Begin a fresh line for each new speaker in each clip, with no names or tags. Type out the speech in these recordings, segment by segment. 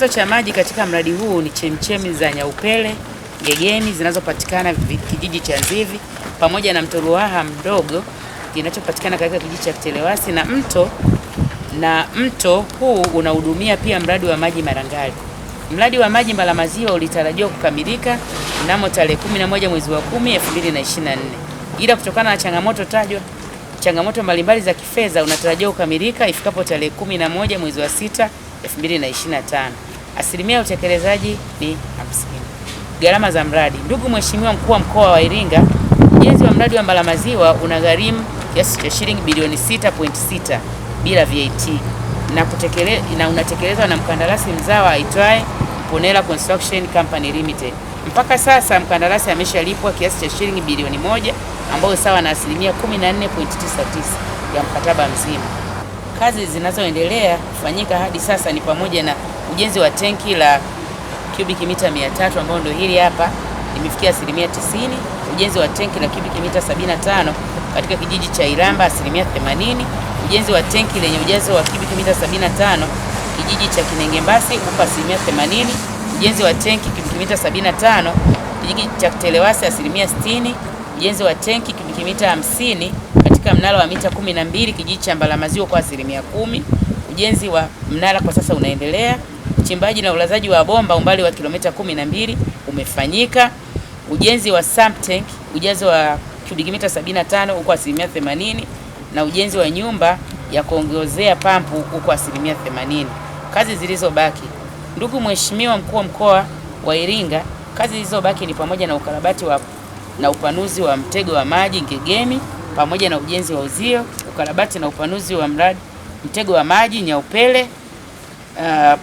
Chanzo cha maji katika mradi huu ni chemchemi za Nyaupele, Gegeni zinazopatikana kijiji cha Nzivi pamoja na mto Ruaha mdogo kinachopatikana katika kijiji cha Kitelewasi na mto na mto huu unahudumia pia mradi wa maji Marangali. Mradi wa maji Maziwa ulitarajiwa kukamilika mnamo tarehe 11 mwezi wa 10 2024, ila kutokana na changamoto tajwa, changamoto mbalimbali za kifedha unatarajiwa kukamilika ifikapo tarehe 11 mwezi wa 6 2025 asilimia ya utekelezaji ni hamsini. Gharama za mradi. Ndugu Mheshimiwa Mkuu wa Mkoa wa Iringa, ujenzi wa mradi wa Mbala Maziwa unagharimu kiasi cha shilingi bilioni 6.6 bila VAT na, kutekele, na unatekelezwa na mkandarasi mzawa aitwaye Ponela Construction Company Limited. Mpaka sasa mkandarasi ameshalipwa kiasi cha shilingi bilioni moja ambayo sawa na asilimia 14.99 ya mkataba mzima. Kazi zinazoendelea kufanyika hadi sasa ni pamoja na ujenzi wa tenki la cubic mita 300 ambao ndio hili hapa limefikia asilimia 90, ujenzi wa tenki la cubic mita 75 katika kijiji cha Iramba asilimia 80, ujenzi wa tenki lenye ujazo wa cubic mita 75 kijiji cha Kinengembasi upo asilimia 80, ujenzi wa tenki cubic mita 75 kijiji cha Telewasi asilimia 60, ujenzi wa tenki cubic mita 50 katika mnalo wa mita 12 kijiji cha Mbalamaziwa kwa asilimia ujenzi wa mnara kwa sasa unaendelea. Uchimbaji na ulazaji wa bomba umbali wa kilomita kumi na mbili umefanyika. Ujenzi wa sump tank ujazo wa cubic mita 75 uko asilimia 80, na ujenzi wa nyumba ya kuongezea pampu uko asilimia 80. Kazi zilizobaki, ndugu Mheshimiwa Mkuu wa Mkoa wa Iringa, kazi zilizobaki ni pamoja na ukarabati wa na upanuzi wa mtego wa maji Ngegemi pamoja na ujenzi wa uzio, ukarabati na upanuzi wa mradi mtego wa maji nyaupele, uh, ah,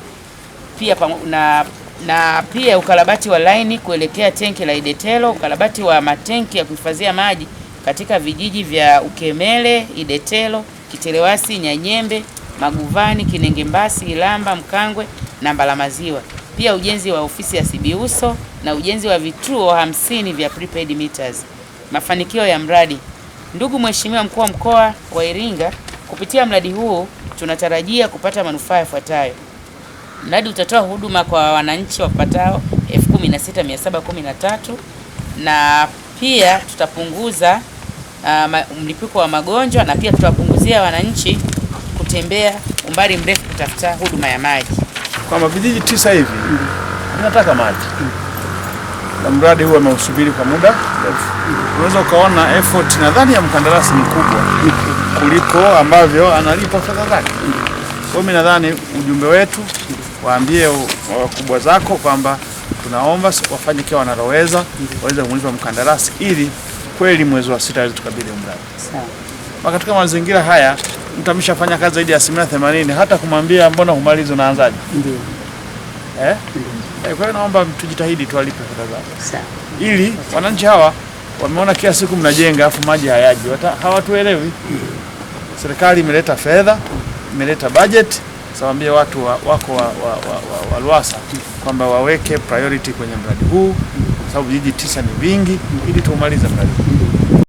pia na, na pia ukarabati wa laini kuelekea tenki la Idetelo, ukarabati wa matenki ya kuhifadhia maji katika vijiji vya Ukemele, Idetelo, Kitelewasi, Nyanyembe, Maguvani, Kinengembasi, Ilamba, Mkangwe na Mbalamaziwa. Pia ujenzi wa ofisi ya Sibiuso na ujenzi wa vituo hamsini vya prepaid meters. Mafanikio ya mradi. Ndugu Mheshimiwa Mkuu wa Mkoa wa Iringa Kupitia mradi huu tunatarajia kupata manufaa yafuatayo. Mradi utatoa huduma kwa wananchi wapatao 16713 na pia tutapunguza uh, mlipuko wa magonjwa na pia tutawapunguzia wananchi kutembea umbali mrefu kutafuta huduma ya maji.
Kama vijiji tisa hivi vinataka mm. maji mm. na mradi huu ameusubiri kwa muda mrefu mm. unaweza ukaona effort nadhani ya mkandarasi mkubwa mm kuliko ambavyo analipa fedha zake. Kwa mimi nadhani ujumbe wetu, waambie wakubwa zako kwamba tunaomba wafanye kile wanaloweza waweze kumlipa mkandarasi ili kweli mwezi wa sita tukabidhi mradi. Sawa. Katika mazingira haya mtu ameshafanya kazi zaidi ya asilimia themanini, hata kumwambia mbona humalizi unaanzaje? Ndio. Eh? Ndio. Eh, kwa hiyo naomba tujitahidi tuwalipe fedha zao. Sawa. Ili wananchi hawa wameona kila siku mnajenga afu maji hayaji, hawatuelewi serikali imeleta fedha, imeleta budget, sawambie watu wa, wako wa, wa, wa, wa Lwasa kwamba waweke priority kwenye mradi huu kwa sababu vijiji tisa ni vingi, ili tuumalize mradi huu.